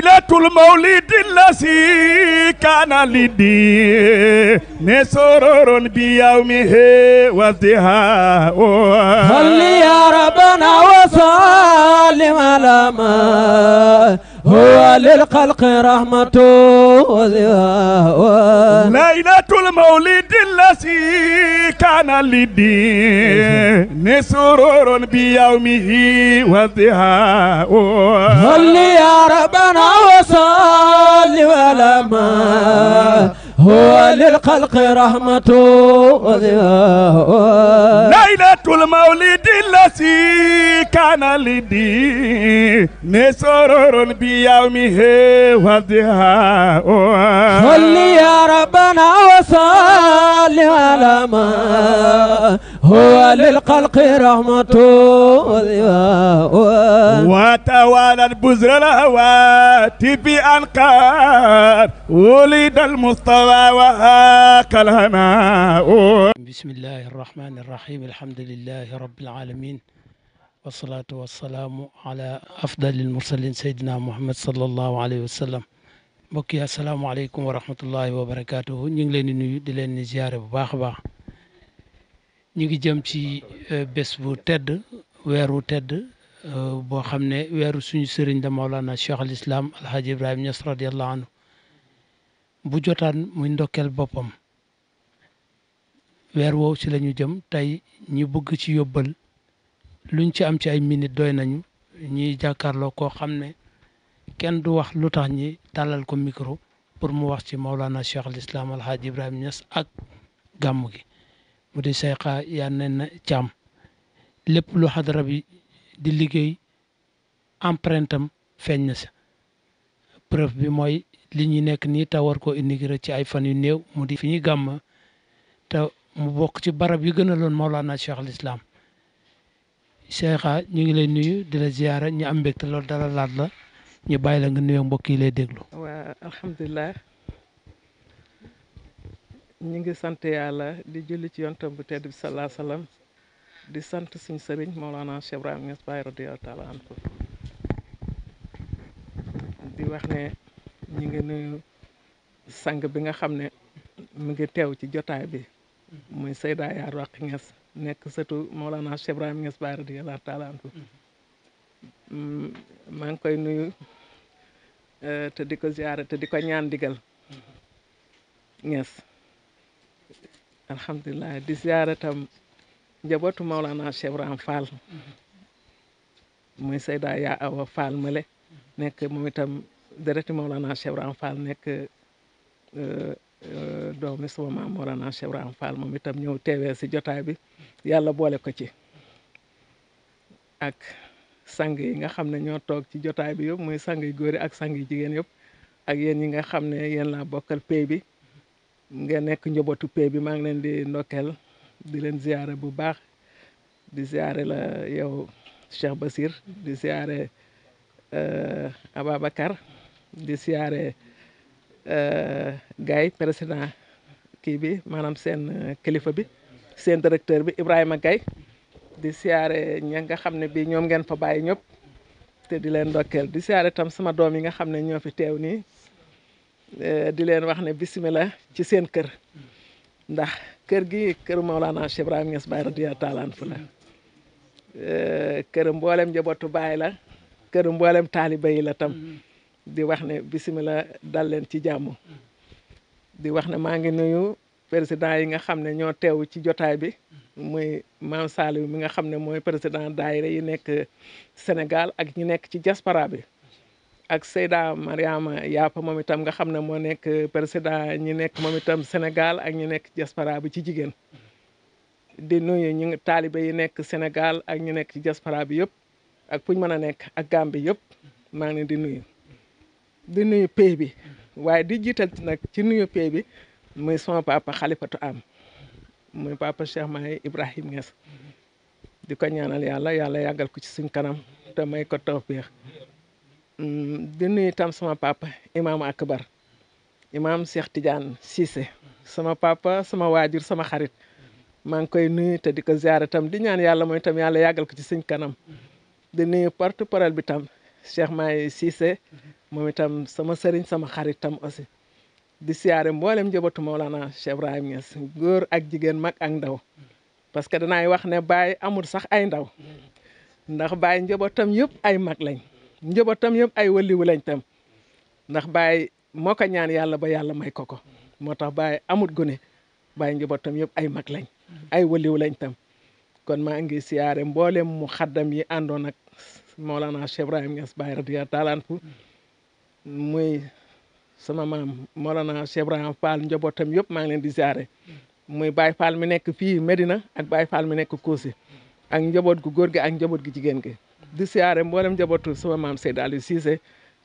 ليلة المولد الذي كان لدين سرور بيومه وازدهاء هل يا ربنا وسلم على ما هو للخلق رحمة ليلة المولد الذي كان للدين سرور بيومه وضحاه صل يا ربنا وصل ولما هو للخلق رحمة ليلة المولد الذي كان لدي نسرور بيومه وضحاه صل يا ربنا وصل على ما هو للخلق رحمة وتوالى البزر الهواتف بأنقار ولد المصطفى الهوى وهاك الهماء بسم الله الرحمن الرحيم الحمد لله رب العالمين والصلاة والسلام على أفضل المرسلين سيدنا محمد صلى الله عليه وسلم mbokk yi asalaamaaleykum wa rahmatullahi wa barakaatuhu ñu ngi leen di nuyu di leen di ziare bu baax a baax ñu ngi jëm ci euh, bés bu tedd weeru tedd euh, boo xam ne weeru suñu sëriñ la Mawlana Cheikh al Islam Alhaji Ibrahima Niass radiyallahu anhu bu jotaan muy ndokkeel boppam weer woowu ci lañu jëm tey ñi bugg ci yóbbal luñ ci am ci ay minute doy nañu ñiy jàkkaarloo koo xam ne kenn du wax lu tax ñi tàllal ko micro pour mu wax ci Maulana Cheikh al Islam Al Hadj ak gàmm gi mu di Seyxa yaa ne na lépp lu xadara bi di liggéey empreinte feeñ na sa preuve bi mooy li ñu nekk nii te war koo intégré ci ay fan yu néew mu di fi ñuy gàmm te mu bokk ci barab yu gën a loon Mawlana Cheikh al-Islam Cheikha ñu ngi lay nuyu di la ziyaara ñu am mbégte loolu dara laat la ñu bàyyi la nga nuyoo mbokk yi lay déglu. waa alhamdulilah ñu ngi sant yàlla di julli ci yontam bu tedd bi salaa salaam di sant suñu sëriñ Mawlana Cheikh Ibrahima Niass Baye radiyallahu taala anhu di wax ne. ñu ngi nuyu sang bi nga xam ne mu ngi teew ci jotaay bi muy Seyda Yaa Roqi Nges nekk sëtu Mawlana Cheikh Ibrahim Nges Baay radiyallaahu taala anhu mm, maa ngi koy nuyu euh, te di ko ziyaare te di ko ñaan digal Nges alhamdulilah di ziyaare tam njabootu Mawlana Cheikh Ibrahim Fall mm-hmm. muy Seyda Yaa Awa Fall mële nekk moom itam dërëti Mawlana Cheikh Ibrahima Fall nekk euh, euh, doomi suma maam Mawlana Cheikh Ibrahima Fall moom itam ñëw teewee si jotaay bi yàlla boole ko ci ak sang yi nga xam ne ñoo toog ci jotaay bi yëpp muy sang yu góor yi ak sang yi jigéen yëpp ak yéen yi nga xam ne yéen laa bokkal pay bi nga nekk njobootu pay bi maa ngi leen di ndokkeel di leen ziare bu baax di ziare la yow Cheikh Basir di ziare euh, Ababacar di siyaare eh, gay président kii bi maanaam seen eh, kilifa bi seen directeur bi Ibrahima Gaye di siyaare ña nga xam ne bii ñoom ngeen fa bàyyi ñëpp te di leen ndokkeel di siyaare tam sama doom yi nga xam ne ñoo fi teew nii eh, di leen wax ne bisimilah ci seen kër ndax kër gi kër Maolana Cheikh Ibrahim Niass Baye radiyallahu taala anhu la kër mboolem njabootu Baay la kër mboolem taaliba yi la tam di wax ne bisimilah dal leen ci jàmm di wax ne maa ngi nuyu président yi nga xam ne ñoo teew ci jotaay bi muy maam Saliou mi nga xam ne mooy président daayira yi nekk Sénégal ak ñi nekk ci diaspora bi ak Seyda Mariama Yaapa moom itam nga xam ne moo nekk président ñi nekk moom itam Sénégal ak ñi nekk diaspora bi ci jigéen di nuyu ñu taalibe yi nekk Sénégal ak ñu nekk ci jaspara bi yëpp ak fu ñu mën a nekk ak Gambie yëpp maa ngi di nuyu di nuyu pay bi waaye di jiital nag ci nuyu pay bi muy sama papa xalifatu am muy papa Cheikh Mahi Ibrahim Niass di ko ñaanal yàlla yàlla yàggal ko ci suñ kanam te may ko tawféex mm, di nuyu tam sama papa imaamu akbar imaam Cheikh Tidiane Cissé sama papa sama waajur sama xarit maa ngi koy nuyu te di ko ziare tam di ñaan yàlla mooy tam yàlla yàggal ko ci suñ kanam di nuyu porte parole bi tam Cheikh Mahi Cissé moom itam sama sëriñ sama xaritam aussi di siyaare mboolem njabootu Maolana Cheikh Ibrahim Niass góor ak jigéen mag ak ndaw parce que danaay wax ne baay amul sax ay ndaw ndax Baye njabootam yëpp ay mag lañ njabootam yëpp ay wëliwu lañ tam ndax baay moo ñaan yàlla ba yàlla may ko ko moo tax Baye amut gune Baye njabootam yëpp ay mag lañ ay wëliwu lañ tam kon maa ngi siyaare mboolem mu xaddam yi àndoon ak Maolana Cheikh Ibrahim Niass Baye radiyallahu taala anhu muy sama maam Mawlana Cheikh Ibrahima Fall njabootam yëpp maa ngi leen di ziare muy Baye Fall mi nekk fii Medina ak baay Fall mi nekk Kossi ak njaboot gu góor gi ak njaboot gu jigéen gi. di ziare mboole njabootu sama maam Seydou Aliou Cissé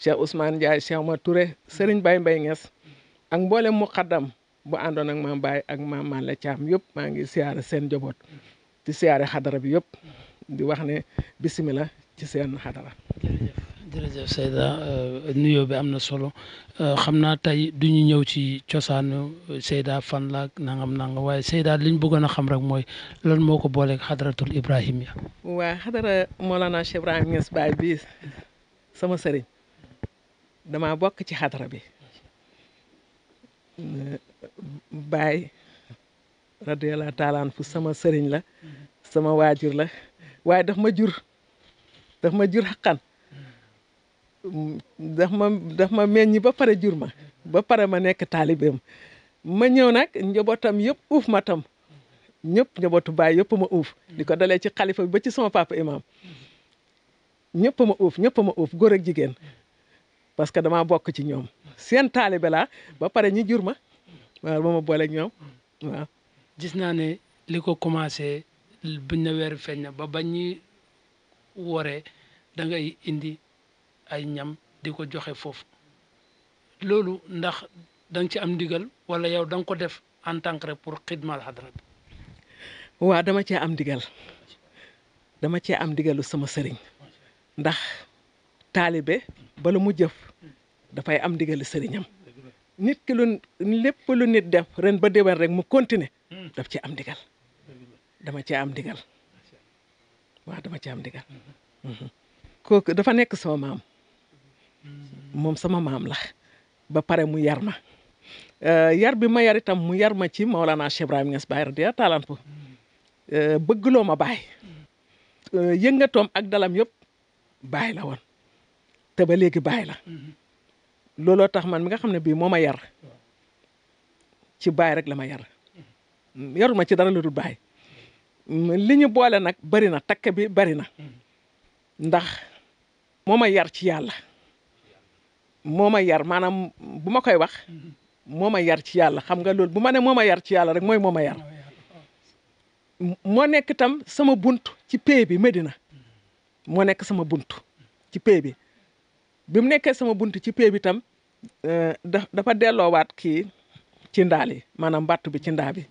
Cheikh Ousmane Ndiaye Cheikh Omar Touré Serigne Baye Mbaye Niass ak mboolem muqaddam bu àndoon ak maam Baye ak maam Malle Thiam yëpp maa ngi ziare seen njaboot di ziare xadara bi yëpp di wax ne bisimilah ci seen xadara. jërëjëf Seyda euh, nuyoo bi am na solo euh, xam naa tey du ñëw ci cosaanu Seyda fan la nangam nangam waaye Seyda li bëggoon a xam rek mooy lan moo ko booleeg xadaratul Ibrahim ya bi sama sëriñ dama bokk ci xadara bi euh, Baay radiyallahu taalaan fu sama sëriñ la sama waajur la waaye daf ma jur daf ma jur xaqan daf ma daf ma meññ ba pare jur ma ba pare ma nekk taalibeem ma ñëw nag njabootam yëpp uuf ma tam ñëpp njabootu baay yëpp ma uuf ni ko dalee ci xalifa bi ba ci sama papa imam ñëpp ma uuf ñëpp ma uuf góor jigéen parce que dama bokk ci ñoom seen taalibe ba pare ñi jur ma waaw ba ma booleeg ñoom waaw. gis naa ne li ko commencé buñ na weer na ba bañ ñi woree da indi. ay ñam di ko joxe foofu loolu ndax danga ci am ndigal wala yow da ko def en tant rek pour xidmal xadra bi waa dama cee am ndigal cee am ndigalu sama sëriñ ndax taalibe bala mu jëf dafay am ndigalu sëriñam nit ki lu lépp lu nit def ren ba déwén rek mu continuer daf ci am ndigal dama cee am ndigal waaw dama ci am ndigal mhm. kooku dafa nekk sama maam moom sama maam la ba pare mu yar ma euh, yar bi ma yar itam mu yar ma ci Maolana Cheikh Ibrahim Niass Baye radiyallahu taala anhu euh, bëggloo ma baay euh, yëngatoom ak dalam yëpp baay la woon te ba léegi baay la looloo tax man mi nga xam ne bii moo ma yar ci baay rek la ma yar yarul ma ci dara lu dul baay li ñu boole nag bari na takk bi bari na ndax moo ma yar ci yàlla. moo ma yar maanaam bu ma koy wax moo ma yar ci yàlla xam nga loolu bu ma ne moo ma yar ci yàlla rek mooy moo ma yar moo nekk itam sama bunt ci pay bi Medina moo nekk sama bunt ci pay bi bi mu nekkee sama bunt ci pay bi itam euh, dafa delloowaat kii ci ndaal yi maanaam battu bi ci ndaa bi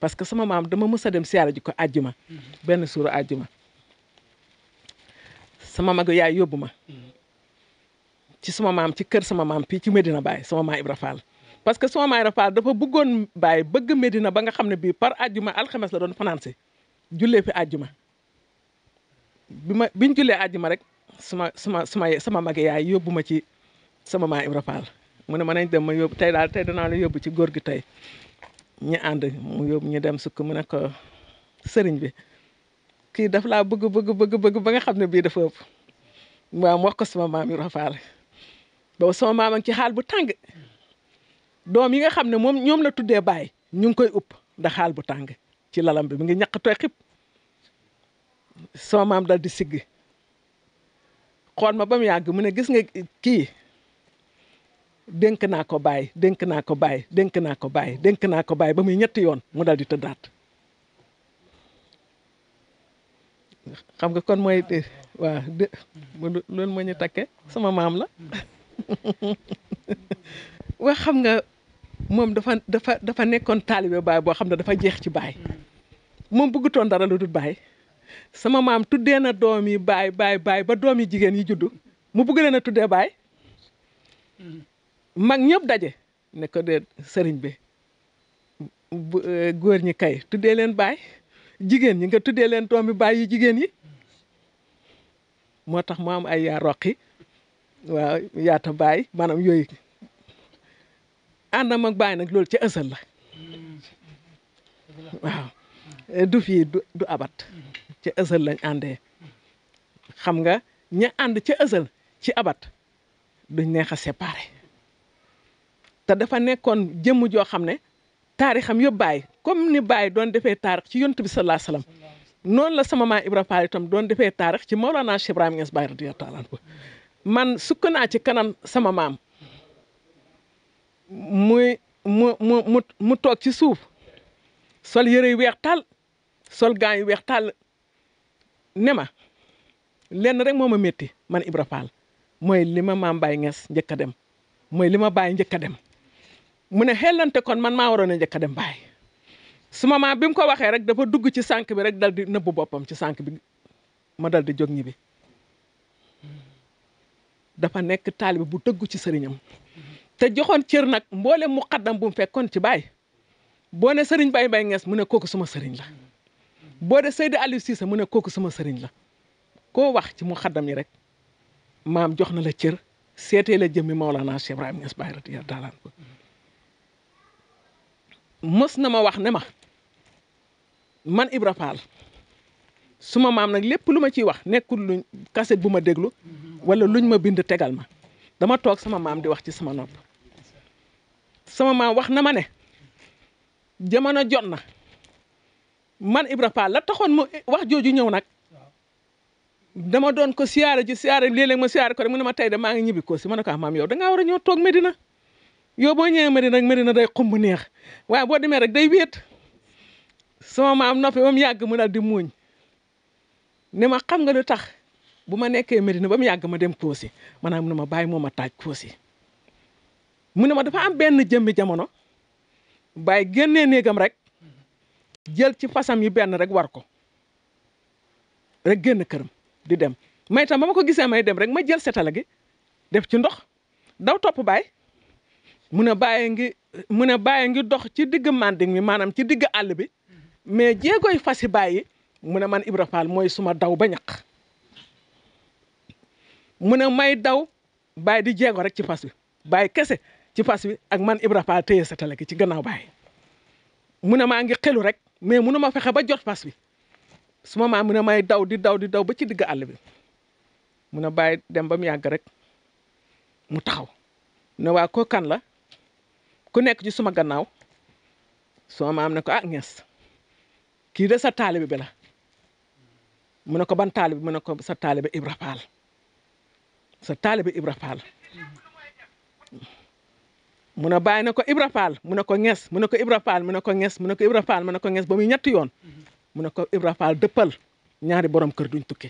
parce que sama maam dama mës a dem siyaara ji ko àjjuma benn suuru àjjuma sama magu yaay yóbbu ma ci suma maam ci kër sama maam pii ci Medina Baye sama maam Ibra Fall parce que sama maam Ibra Fall dafa bëggoon Baye bëgg Medina ba nga xam ne bii par àjjuma alxames la doon fanaan si jullee fi àjjuma bi ma biñ jullee àjjuma rek suma suma suma sama mag yaay yóbbu ma ci sama maa Ibra Fall mu ne ma nañ dem ma yóbbu tey daal danaa la yóbbu ci góor gi tey ñu ànd mu yóbbu ñu dem sukk mu ne ko sëriñ bi kii daf laa bëgg bëgg bëgg bëgg ba nga xam ne bii dafa ëpp mu wax ko maam Ibra Fall boobu sama maam ngi ci xaal bu tàng doom yi nga xam ne moom ñoom la tuddee baay ñu ngi koy upp ndax xaal bu tàng ci lalam bi mu ngi ñaq tooy xib sama maam dal di sigg xool ma ba mu yàgg mu ne gis nga kii dénk naa ko baay dénk naa ko baay dénk naa ko baay dénk naa ko baay ba muy ñetti yoon mu dal di tëddaat xam nga kon mooy waaw loolu moo ñu takke sama maam la waa xam nga moom dafa dafa dafa nekkoon taalibe baay boo xam ne dafa jeex ci baay moom bëggutoon dara lu dul baay sama maam tuddee na doom yi baay baay baay ba doom yi jigéen yi juddu mu bëgg leen a tuddee baay mag ñépp daje ne ko de sëriñ bi eh, góor ñi kay tuddee leen baay jigéen ñi nga tuddee leen doom yi baay yu jigéen yi moo tax mu am ay yaa roqi waaw yaata baay maanaam yooyu àndam ak baay nag loolu ci ësal la waaw du fii du abat ci ësal lañ àndee xam nga ña ànd ca ësal ci abat duñ neex a séparé te dafa nekkoon jëmm joo xam ne taarixam yëpp baay comme ni baay doon defee taarix ci yontu bi sallallahu alayhi wasallam noonu la sama maa Ibra Fall doon defee taarix ci Mawlana Cheikh Ibrahima Niass Baay radiyallahu anhu man sukk naa ci kanam sama maam muy mu mu mu mu toog ci suuf sol yére yu weex tàll sol gaa yu weex tàll ne ma lenn rek moo ma metti man Ibra Fall mooy li ma maam Baye Nges njëkk a dem mooy li ma Baye njëkk a dem mu ne xellante kon man maa waroon a njëkk a dem Baye su maam bi mu ko waxee rek dafa dugg ci sànq bi rek dal na nëbbu boppam ci sànq bi ma dal di jóg ñibi dafa nekk taalibe bu dëggu ci sëriñam te joxoon cër nag mboolem muqaddam bu mu fekkoon ci baay boo ne sëriñ Baye Mbaye Nges mu ne kooku sama sëriñ la boo de Seydou Aliou Cissé mu ne kooku sama sëriñ la koo wax ci muqaddam yi rek maam jox na la cër seetee la jëmmi Maolana Cheikh Ibrahima Nges Baye radiyallaahu taala mos na ma wax ne ma man Ibra Fall suma maam nag lépp lu ma ciy wax nekkul lu kaset bu ma déglu wala luñ ma bind tegal ma dama toog sama maam di wax ci sama nopp sama maam wax na ma ne jamono jot na man Ibra Fall la taxoon mu wax jooju ñëw nag dama doon ko siyaare ji siyaare léeg ma siyaare ko rek mu ne ma tey de maa ngi ñibbi ko si ma ne ko ah maam yow da ngaa war a ñëw toog Medina yow boo ñëwee Medina rek Medina day xumb neex waaye boo demee rek day wéet sama maam noppi ba mu yàgg mu daal di muuñ ne ma xam nga lu tax. bu ma nekkee Medina ba mu yàgg ma dem Kossy maanaam mu ne ma bàyyi moo ma taaj Kossy mu ne ma dafa am benn jëmmi jamono bàyyi génnee néegam rek jël ci fasam yi benn rek war ko rek génn këram di dem maitam ba ma ko gisee may dem rek ma jël setala gi def ci ndox daw topp baay mu ne bàyyi ngi mu ne bàyyi ngi dox ci digg manding mi maanaam ci digg àll bi mais jéegooy fasi bàyyi mu ne man Ibra Fall mooy suma daw ba ñaq mu ne may daw baay di jeego rek ci fas bi baay kese ci fas bi ak man Ibra Fall téye sa tala ci gannaaw baay mu ne maa ngi xelu rek mais munu ma fexe ba jot fas bi su ma maa mu ne may daw di daw di daw ba ci digg àll bi mu ne baay dem ba mu yàgg rek mu taxaw ne waa ko kan la ku nekk ci suma gannaaw suma maam ne ko ah nges kii de sa taalibe bi la mu ne ko ban taalibe mu ne ko sa taalibe Ibra Fall sa taalibe Ibra Fall mu ne bàyyi na ko Ibra Fall mu ne ko nges mu ne ko Ibra Fall mu ne ko nges mu ne ko Ibra mu ne ko nges ba muy yoon mu ne ko Ibra Fall dëppal ñaari borom kër duñ tukki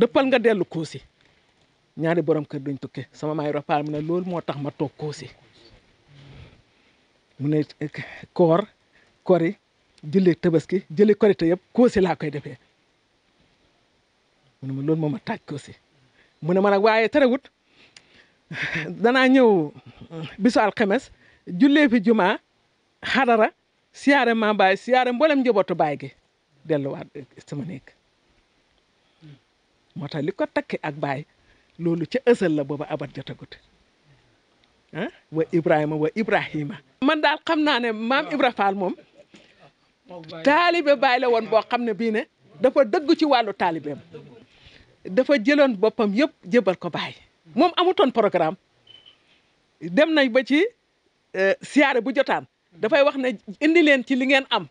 dëppal nga dellu Koosi ñaari borom kër duñ tukki sama maay Ibra Fall mu ne loolu moo tax ma toog Koosi mu ne eh, koor kori jëlee tabaski jëlee korite yëpp Koosi laa koy defee mu ne ma loolu moo ma taaj Koosi mu ne ma nag waaye terewut danaa ñëw bisu alxemes jullee fi jumaa xadara siyaare ma baay siyaare mboolem njabootu baay gi delluwaat sama nekk moo tax li ko takki ak baay loolu ca ësal la booba abat jotagut ah wa Ibrahima wa Ibrahima. man daal xam naa ne maam Ibra Fall moom taalibe baay la woon boo xam ne bii ne dafa dëgg ci wàllu taalibeem. dafa jëloon boppam yëpp jébal ko baay moom amutoon programme dem nañ ba ci euh, siyaare bu jotaan dafay wax ne indi leen ci li ngeen am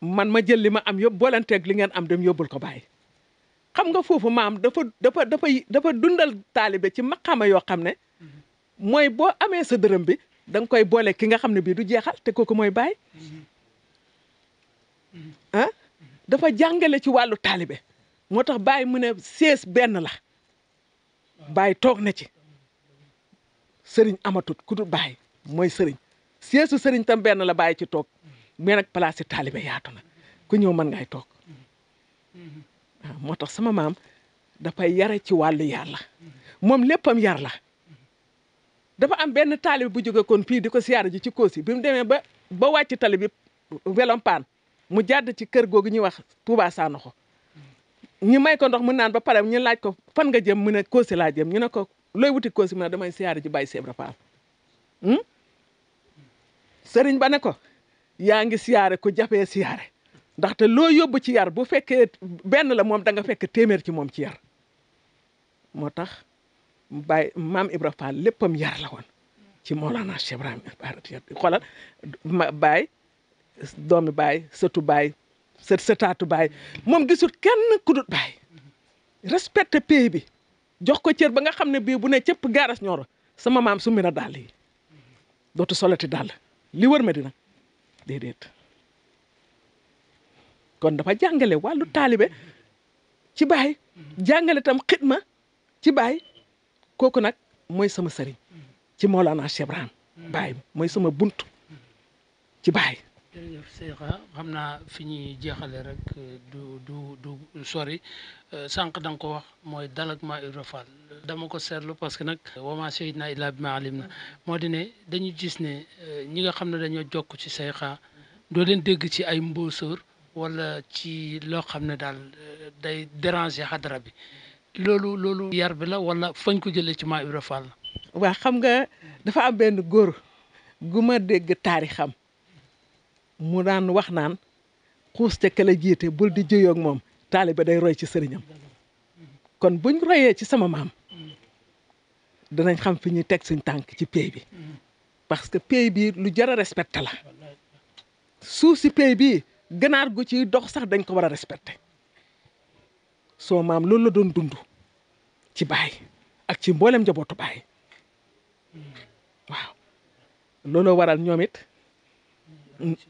man ma jël li ma am yëpp boolenteeg li ngeen am dem yóbbul ko baay xam nga foofu maam dafa dafa dafa dafa dundal taalibe ci maqaama yoo xam ne mooy boo amee sa dërëm bi danga koy boole ki nga xam ne bii du jeexal te ko ko mooy baay ah? dafa jàngale ci wàllu taalibe moo tax baay mu ne sées benn la Baye toog na ci sëriñ amatut ku dul Baye mooy sëriñ seesu sëriñ tam benn la Baye ci toog mais nag place yi taalibe yaatu na ku ñëw man mën ngay toog moo tax sama maam dafay yare ci wàllu yàlla moom léppam yar la dafa am benn taalibe bu jóge kon pii di ko siyaare ji ci Kossy bi mu demee ba ba wàcc tali bi paan mu jàdd ci kër googu ñuy wax Touba Sanoxo ñu may ko ndox mu naan ba pare ñu laaj ko fan nga jëm mu ne Kossy laa jëm ñu ne ko looy wuti Kossy mu ne damay siyaare ji Baye Sèvres Fall hmm? sëriñ ba ne ko yaa ngi siyaare ko jafee siyaare ndaxte loo yóbbu ci yar bu fekkee benn la moom danga nga fekk téeméer ci moom ci yar moo tax Baye maam Ibra Fall léppam yar la woon ci Mawlana Cheikh Ibrahima xoolal ma Baye doomi Baye sëtu Baye sët sëtaatu baay moom gisul kenn kudut baay respecté pays bi jox ko cër ba nga xam ne bii bu ne cëpp gaaras ñooro sama maam summi na dàll yi dootu solati dàll li wër ma dina déedéet kon dafa jàngale wàllu taalibe ci baay jàngale tam xidma ci baay kooku nag mooy sama sëriñ ci Mawlana Cheikh baay mooy sama bunt ci baay jërëjëf Seyxa xam naa fi ñuy jeexale rek euh, du du du sori euh, sànq da nga ko wax mooy dal ak Ibra Fall dama ko seetlu parce que nag wama shahidnaa illaa bimaa alim na moo di ne dañu gis ne euh, ñi nga xam ne dañoo jokk ci Seyxa doo leen dégg ci ay mbóosóor wala ci loo xam ne daal day déranger xadara bi loolu loolu yar bi la wala fañ ko jëlee ci maa Ibra Fall la waa xam nga dafa am benn góor gu ma dégg taarixam mu daan wax naan xuuste ca kele jiite bul di jëyoog moom taaliba day roy ci sëriñam kon buñ royee ci sama maam danañ xam fi ñuy teg suñ tànk ci pay bi parce que pay bi lu jar a respecté la suuf si pay bi ganaar gu ciy dox sax dañ ko war a respecté soo maam loolu la doon dund ci baay ak ci mboolem njabootu baay waaw looloo waral ñoom it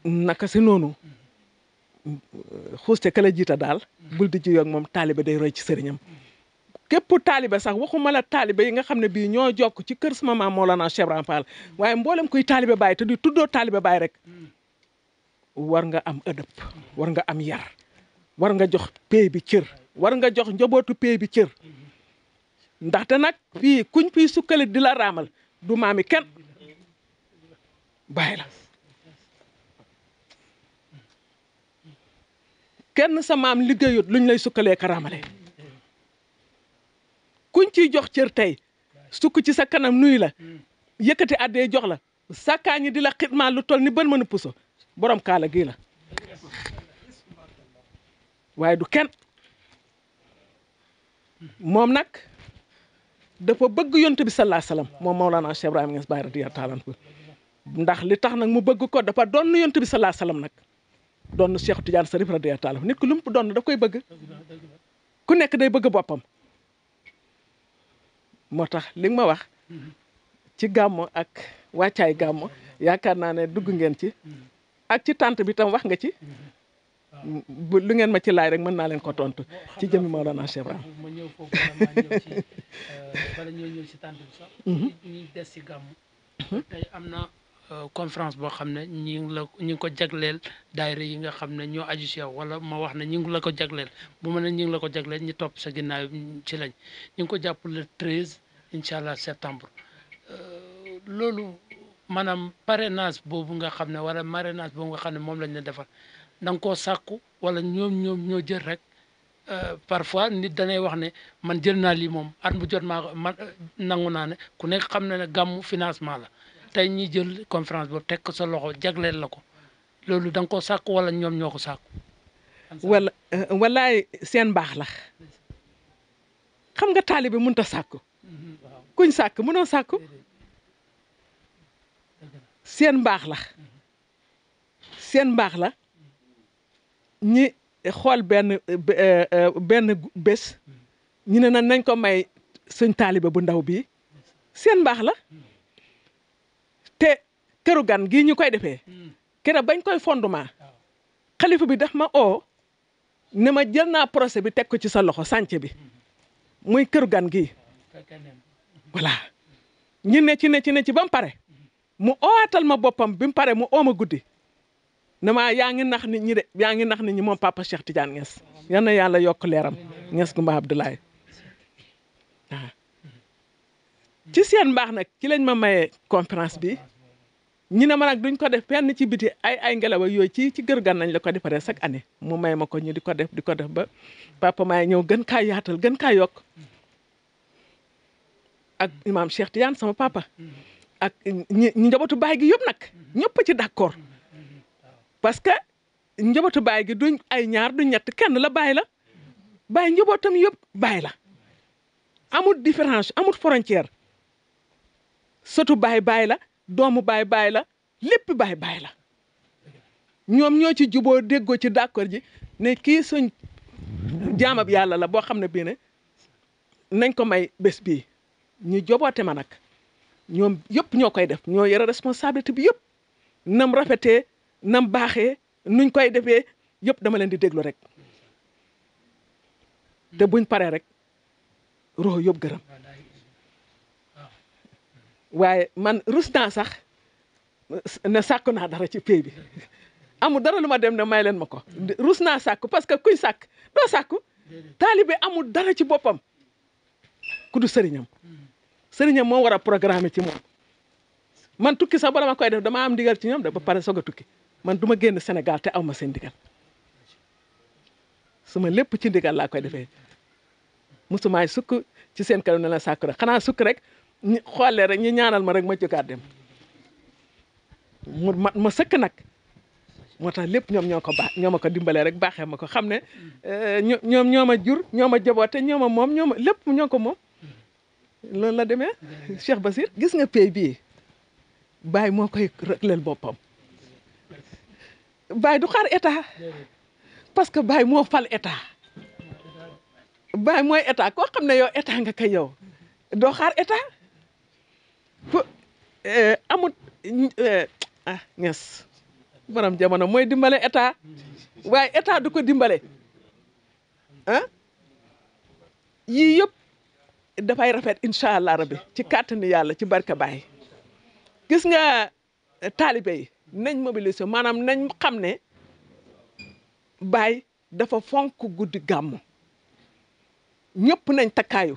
naka si noonu xuuste kala jiita daal mm-hmm. bul di jiyoog moom taalibe day roy ci sëriñam képp taalibe sax waxuma la taalibe yi nga xam ne bii ñoo jokk ci kër sama maam Mawlana Cheikh Ibrahima Fall mm-hmm. waaye mboolem kuy taalibe baay te di tuddoo taalibe baay rek mm-hmm. war nga am ëdëb war nga am yar war nga jox pay bi cër war nga jox njabootu pay bi cër ndaxte nag fii kuñ fii sukkale di la raamal du maami kenn bàyyi la kenn sa maam liggéeyut luñ lay sukkalee karaamale kuñ ciy jox cër tey sukk ci sa kanam nuyu la yëkkati addee jox la sàkkaa ñi di la xitmaan lu toll ni bën ma a puso borom kaala gii la waaye du kenn moom nag dafa bëgg yonte bi salaa salaam moom Mawlana Cheikh Ibrahima Niass Baye radiyallahu taala anhu ndax li tax nag mu bëgg ko dafa doon yonte bi salaa salaam nag doon Cheikh Tidiane Sarif radiyallahu taala nit ku lu mu doon daf koy bëgg ku nekk day bëgg boppam moo tax li ma wax ci gàmmu ak wàccaay gàmmu yaakaar naa ne dugg ngeen ci ak ci tànt bi tam wax nga ci lu ngeen ma ci laay rek mën naa leen ko tontu ci jëmmi Maolana ma ñëw foofu ma ñëw ci euh, bala ñoo Euh, conférence boo xam ne ñi ngi la ñi ngi ko jagleel daayira yi nga xam ne ñoo aju si wala ma wax ne ñi ngi la ko jagleel bu ma ne ñi ngi la ko jagleel ñi topp sa ginnaaw ci lañ ñi ngi ko jàpp le treize incha allah septembre euh, loolu maanaam parrainage boobu nga xam ne wala marrainage boobu nga xam ne moom lañ la defal defar nga koo sàkku wala ñoom ñoom ñoo jël rek euh, parfois nit danay wax ne man jël naa lii moom at bu jot maa nangu naa ne ku nekk xam na ne gàmmu financement la tey ñi jël conférence boobu teg ko sa loxo jagleel la ko loolu da nga koo sàkku wala ñoom ñoo ko sàkku. wala walaay seen mbaax la xam nga taalibe mënut a sàkku. kuñ sàkk mënoo sàkku. seen mbaax la seen mbaax la ñi xool benn e, e, benn bés ñu ne nañ ko may suñ taalibe bu ndaw bii seen mbaax la te këru gan gii ñu koy defee hmm. kere bañ koy fondement xalifa bi daf ma oo ne ma jël naa porose bi teg ko ci sa loxo sànce bi hmm. muy këru gan gi hmm. voilà ñu ne ci ne ci ne ci ba mu pare mu oowatal ma boppam bi mu pare mu ooma guddi ne ma yaa ngi nax ni ñi de yaa ngi nax nit ñi moom papa Cheikh Tidiane Niass yal na yàlla yokk leeram ngees Goumba Abdoulaye waaw ci seen mbaax nag ci lañ ma mayee conférence bi ñi ne ma nag duñ ko def fenn ci biti ay ay ngelaw yooyu ci ci Kër Gane la ko defaree chaque année mu may ma ko ñu di ko def di ko def ba papa maay ñëw gën kaa yaatal gën kaa yokk ak imaam ti Tidiane sama papa. ak ñi njabootu baay gi yëpp nag ñëpp ci d'accord parce que njabootu baay gi duñ ay ñaar du ñett kenn la baay la baay njabootam yëpp baay la amul différence amul frontière. sëtu baay baay la doomu baay baay la lépp baay baay la ñoom ñoo ci juboo déggoo ci d'accord ji ne kii suñ jaamab yàlla la boo xam ne bii ne nañ ko may bés bii ñu joboote ma nag ñoom yëpp ñoo koy def ñoo yore responsabilité bi yëpp nam rafetee nam baaxee nuñ koy defee yëpp dama leen di déglu rek te buñ paree rek roho yóbbu gërëm waaye man rus naa sax ne sàkku naa dara ci pays bi amul dara lu ma dem ne ma leen ma ko rus naa sàkku parce que kuy sàkk doo sàkku taalibe amul dara ci boppam ku du sëriñam sëriñam moo war a programmer ci moom man tukki sax bala ma koy def damaa am ndigal ci ñoom da ba pare soog a tukki man du ma génn Sénégal te aw ma seen ndigal suma lépp ci ndigal laa koy defee mosumaay sukk ci seen kanam ne la sàkku xanaa sukk rek ñu xoolee rek ñu ñaanal ma rek ma jógaat dem mu mat ma sëkk nag moo tax lépp ñoom ñoo ko baax ñoo ma ko dimbalee rek baaxee ma ko xam ne eh, ñoom ñoo a jur ñoom a jaboote ñoo ma moom ñoom ma lépp ñoo ko moom loolu la demee Cheikh Basir gis nga pay bii baay moo koy rëgleel boppam baay du xaar état parce que baay moo fal état baay mooy état koo xam ne yow état nga kay yow doo xaar état fu eh, amut eh, ah ñes borom jamono mooy dimbale état waaye état du ko dimbale ah yii yëpp dafay rafet incha allah rabbi ci kàttanu yàlla ci barka baay gis nga eh, taalibe yi nañ mobilisé maanaam nañ xam ne baay dafa fonk guddi gàmmu ñëpp nañ takkaayu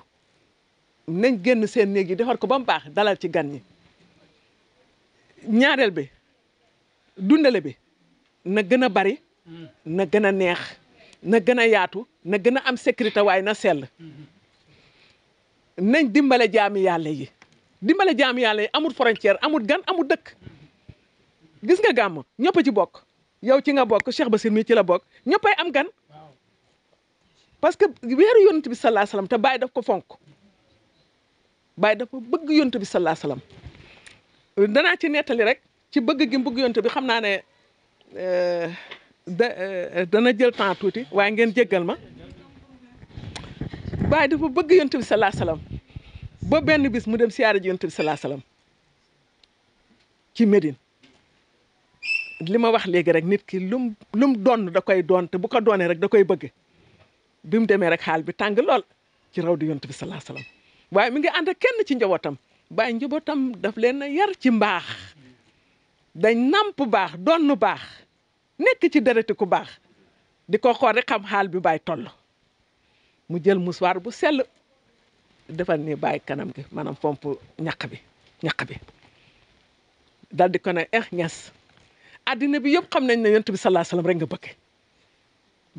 nañ génn seen néeg yi defar ko ba mu baax dalal ci gan ñi ñaareel bi dundale bi na gën a bari na gën a neex na gën a yaatu na gën a am sécurité waaye na sell nañ dimbale jaami yàlla yi dimbale jaami yàlla yi amul frontière amut gan amul dëkk gis nga gàmm ñëpp ci bokk yow ci nga bokk Cheikh Bassir mi ci la bokk ñëppay am gan parce que weeru yonent bi sallallahu alayhi wasallam te bàyyi def ko fonk Baye dafa bëgg yonent bi sallallahu alayhi danaa ci nettali rek ci bëgg gi mu bëgg yonent bi xam naa ne eh, eh, dana jël temps tuuti waaye ngeen jéggal ma Baye dafa bëgg yonent bi sallallahu alayhi benn bis mu dem siyaare ji yonent bi sallallahu ci Médine li ma wax léegi rek nit ki lum lum doon da koy doon te bu ko doonee rek da koy bëgg bi mu demee rek xaal bi tàng lool ci raw di yonent bi sallallahu alayhi waaye mi ngi ànd kenn ci njabootam bàyyi njabootam daf leen a yar ci mbaax dañ namp baax donn baax nekk ci dereti ku baax di ko xool rek xam xaal bi bàyyi toll mu jël musuwaar bu sell defal ni bàyyi kanam gi maanaam fomp ñaq bi ñaq bi dal di ko ne eh ñes addina bi yëpp xam nañ ne yonent bi sallallahu alayhi rek nga bëgg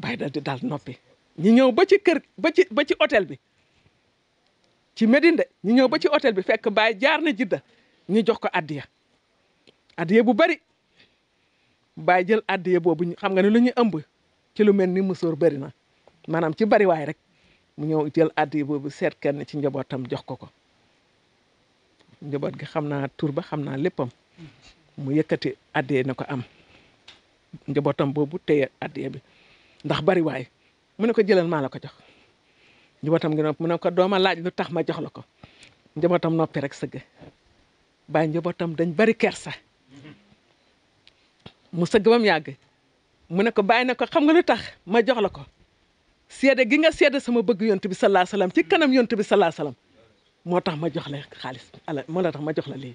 bàyyi dal di daal noppi ñu ñëw ba ci kër ba ci ba bi ci Médine de ñu ñëw ba ci hôtel bi fekk Baye jaar na Jidda ñu jox ko addiya addiya bu bari Baye jël addiya boobu xam nga ne lu ñu ëmb ci lu mel ni musóor bari na maanaam ci bariwaay rek mu ñëw jël addiya boobu seet kenn ci njabootam jox ko ko njaboot gi xam naa tur ba xam naa léppam mu yëkkati addiya na ko am njabootam boobu téye addiya bi ndax bariwaay mu ne ko jëlal maa la ko jox. njabootam gi noppi mu ne ko dooma laaj lu tax ma jox la ko njabootam noppi rek sëgg bàyyi njabootam dañ bari kersa mu sëgg ba mu yàgg mu ne ko bàyyi na ko xam nga lu tax ma jox la ko seede gi nga seede sama bëgg yontu bi salaa salaam ci kanam yontu bi salaa salaam moo tax ma jox la xaalis ala moo la tax ma jox la lii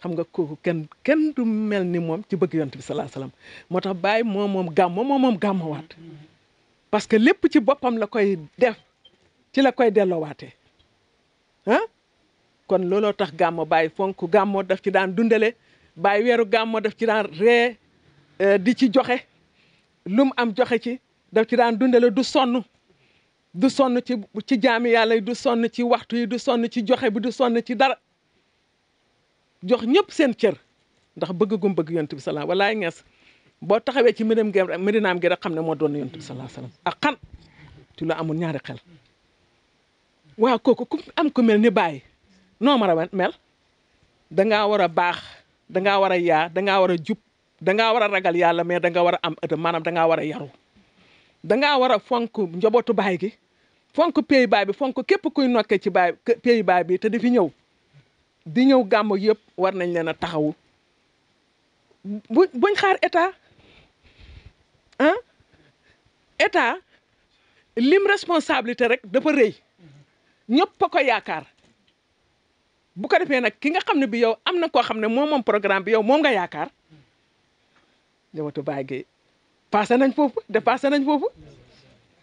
xam nga kooku kenn kenn du mel ni moom ci bëgg yontu bi salaa salaam moo tax bàyyi moom moom gàmmo moom moom gàmmowaat parce que lépp ci boppam la koy def ci la koy delloowaatee ah kon looloo tax gàmmo bàyyi fonk gàmmo daf ci daan dundale bàyyi weeru gàmmo def ci daan ree euh, di ci joxe lu am joxe ci daf ci daan dundale du sonn du sonn ci ci jaami yàlla yi du sonn ci waxtu yi du sonn ci joxe bi du sonn ci dara jox ñëpp seen cër ndax bëgg gum bëgg yonent bi salaam walaay ngees boo taxawee ci mbiram gem mbirinaam gi rek xam ne moo doon yonent bi sallallahu alayhi wasallam xan ci lu amul ñaari xel waaw kooku ku am ku mel ni baay noo mar a mel dangaa war a baax dangaa war a yaa dangaa war a jub dangaa war a ragal yàlla mais danga war am ëttam maanaam dangaa war a yaru dangaa war a fonk njabootu baay gi fonk pay baay bi fonk képp kuy nokkee ci baay pay baay bi te di fi ñëw di ñëw gàmm yépp war nañ leen a taxawu buñ xaar état ah état lim responsabilité rek dafa rëy ñëpp a ko yaakaar bu ko defee nag ki nga xam ne bi yow am na koo xam ne moom moom programme bi yow moom nga yaakaar njabootu Baye Gueye nañ foofu dépassé nañ foofu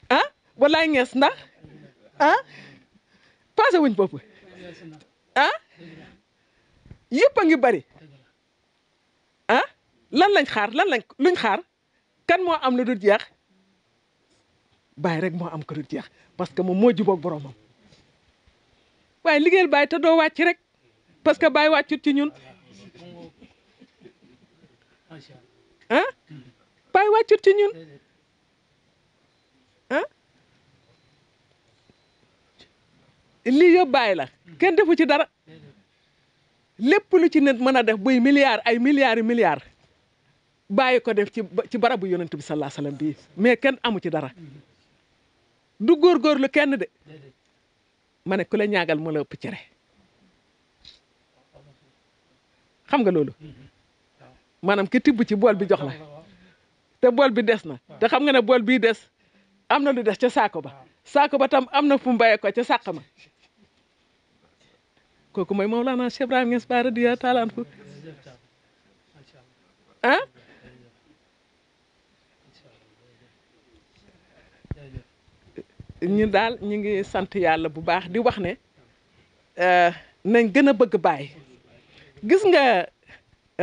ah walaay ngees ndax ah passé wuñ foofu ah yëpp a ngi bari ah lan lañ xaar lan lañ luñ xaar kan moo am lu dul jeex bàyyi rek moo am ko jeex parce que moom moo jubóog boromam waaye liggéeyal bàyyi te doo wàcc rek parce que bàyyi wàccut ci ñun ah bàyyi wàccut ci ñun ah lii yëpp bàyyi la kenn defu ci dara lépp lu ci nit mën a def buy milliards ay milliards yu milliards bàyyi ko def ci ci barabu yonent bi sallallahu alayhi wasallam bii mais kenn amu ci dara du góorgóorlu kenn de ma ne ku la ñaagal moo la cere xam nga loolu maanaam ki tibb ci bool bi jox la te bool bi des na te xam nga ne bool bii des am na lu des ca saako ba saako ba tam am na fu mu bàyyee ko ca sàq ma kooku mooy Mawlana Cheikh Ibrahima Niass Ba radiyallahu taala anhu ah ñu daal ñu ngi sant yàlla bu baax di wax ne euh, nañ gën a bëgg baay gis nga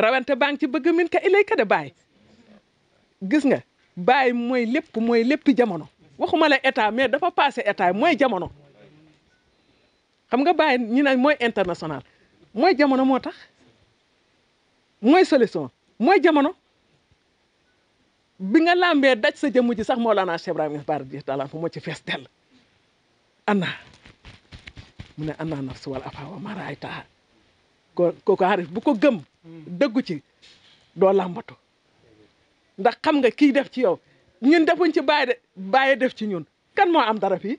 rawante baa ngi ci bëgg min ka ilay ka de baay gis nga baay mooy lépp mooy lépp jamono waxuma la état mais dafa passé état mooy jamono xam nga baay ñu ne mooy international mooy jamono moo tax mooy solution mooy jamono bi nga làmbee daj sa jëmm ji sax Mawlana Cheikh Ibrahima Baar bi taala moo ci fees dell ana mu ne ana nafsu wal afawa maraay taa ko kooku arif bu ko gëm dëggu ci doo làmbatu ndax xam nga kii def ci yow ñun defuñ ci bàyyi de bàyyi def ci ñun kan moo am dara fii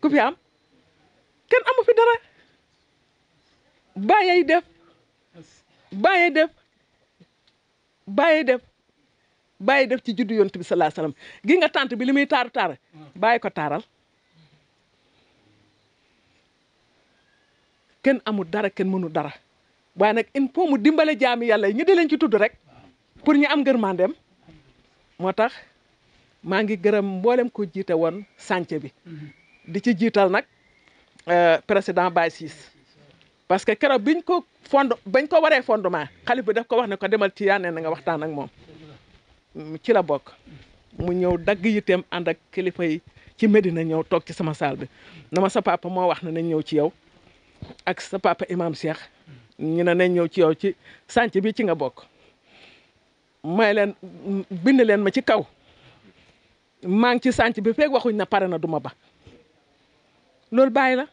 ku fi am kenn amu fi dara bàyyey def bàyyey def bàyyey def bàyyi def ci juddu yonent bi sallallahu alayhi wasallam gi nga tànt bi li muy taaru taar bàyyi ko taaral kenn amul dara kenn mënul dara waaye nag il faut mu dimbale jaami yàlla yi ñu ci tudd rek pour ñu am ngërmandeem moo tax maa ngi gërëm mboolem ko jiite woon sànce bi di ci jiital nag euh, président Baye Ciss parce que keroog biñ ko fond bañ ko waree fondement xalif bi daf ko wax ne ko demal ci yaane na nga waxtaan ak moom ci la bokk mu ñëw dagg yitteem ànd ak kilifa yi ci na ñëw toog ci sama saal bi na ma sa papa moo wax ne nañ ñëw ci yow ak sa papa imam Cheikh ñu ne nañ ñëw ci yow ci sànc bi ci nga bokk may leen bind leen ma ci kaw maa ngi ci sànc bi feeg waxuñ na pare na du ma ba loolu bàyyi la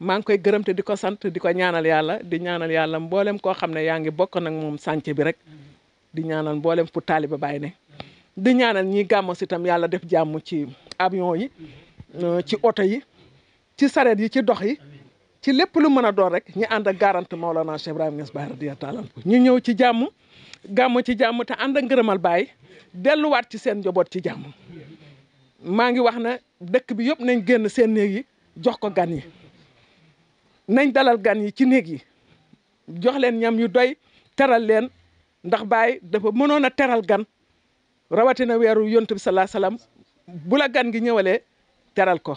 maa ngi koy gërëm te di ko sant di ko ñaanal yàlla di ñaanal yàlla mboolem koo xam ne yaa ngi bokk nag moom sànc bi rek di ñaanal mboolem fu taaliba Baay ne di ñaanal ñi gàmm si tam yàlla def jàmm ci avion yi euh, ci oto yi ci sareet yi ci dox yi ci lépp lu mën a door rek ñu ànd ak garante Maolana Cheikh Ibrahima Niass Baye radiyallahu taala ñu ñëw ci jàmm gàmm ci jàmm te ànd ak ngërëmal Baay delluwaat ci seen njoboot ci jàmm maa ngi wax na dëkk bi yëpp nañ génn seen néeg yi jox ko gan yi nañ dalal gan yi ci néeg yi jox leen ñam yu doy taral leen ndax baay dafa mënoon a teral gan rawatina weeru yont bi salaa salaam bu gan gi ñëwalee teral ko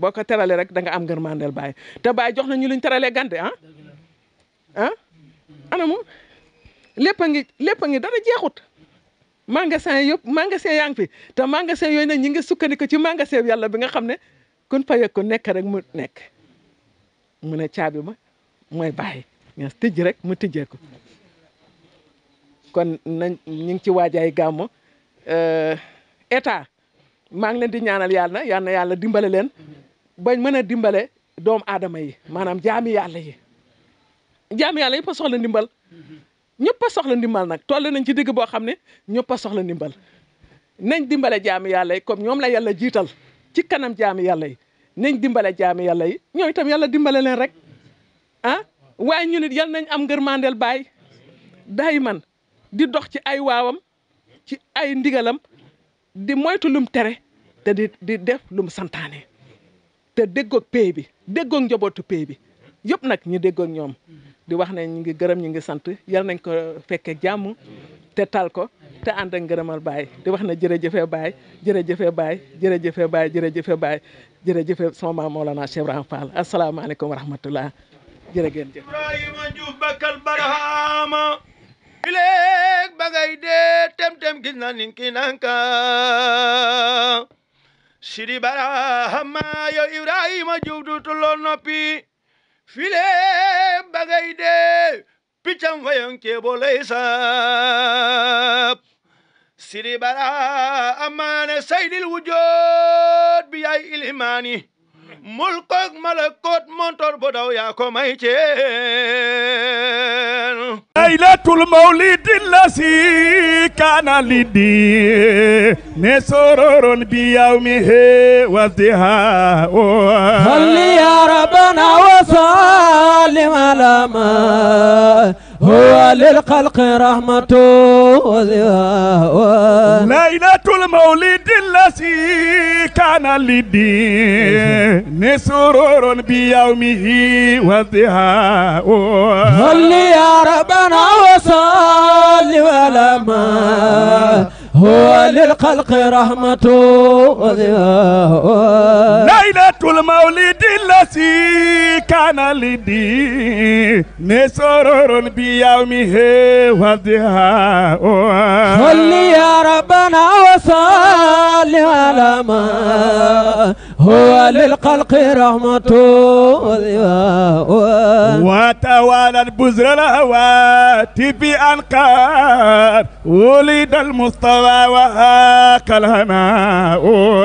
boo ko teralee rek da nga am ngërmandeel baay te baay jox na ñu luñ teralee gan de ah ah anamu lépp a ngi lépp ngi dara jeexut. magasin yëpp magasin yaa te magasin yooyu nag ñi nga sukkandiku ci magasin yàlla bi nga xam ne kun fa yëg ko nekk rek mu nekk mu ne caabi ma mooy bàyyi nga tijji rek mu tijjee ko kon nañ ñu ngi ci waajaay gàmm euh, état maa ngi leen di ñaanal na yal na yàlla dimbale leen bañ mën a dimbale doomu aadama yi maanaam jaami yàlla yi jaami yàlla yëpp a soxla ndimbal ñëpp a soxla ndimbal nag toll nañ ci digg boo xam ne ñëpp soxla ndimbal nañ dimbale jaami yàlla yi comme ñoom la yàlla jiital ci kanam jaami yàlla yi nañ dimbale jaami yàlla yi ñoom itam yàlla dimbale leen rek ah waaye ñu yal nañ am ngërmandeel baay day man di dox ci ay waawam ci ay ndigalam di moytu lum tere te di def lum santaane te déggoog pay bi déggoog njabootu pay bi yëpp nag ñu déggoog ñoom di wax ne ñu ngi gërëm ñu ngi sant yal nañ ko fekke jàmm te tal ko te ànd ak ngërëmal baay di wax ne jërëjëfe baay jërëjëfe baay jërëjëfe baay jërëjëfe baay jërëjëfe sama maam Mawlana Cheikh Ibrahima Fall asalaamaaleykum wa rahmatullah jërë Ibrahima Diouf Bakkal Barhama fileeg ba ngay tem-tem gis na nin ki nanka sidi barahama yow ibrahima juuf du tulloo noppi fileeg ba ngay piccam fayon ceebo saab sidi barahama ne saydil wujood bi yaay ilhimaani mulkoog malakoot montor bo daw yaa may ceeb laylatul mawlidi lasi kaana lidi ne sororon bi yawmihi wazdiha salli ya rabbana wa sallim ala ma هو للخلق رحمة ليلة المولد الذي كان للدين سرور بيومه وضحاه صل يا ربنا وصل ولما هو للخلق رحمة ليلة المولد الذي كان لدين سرور بيومه وضحاه صل يا ربنا وصل على ما هو للخلق رحمة وتوالى البزر الهواتف بأنقار ولد المصطفى وهاك الهناء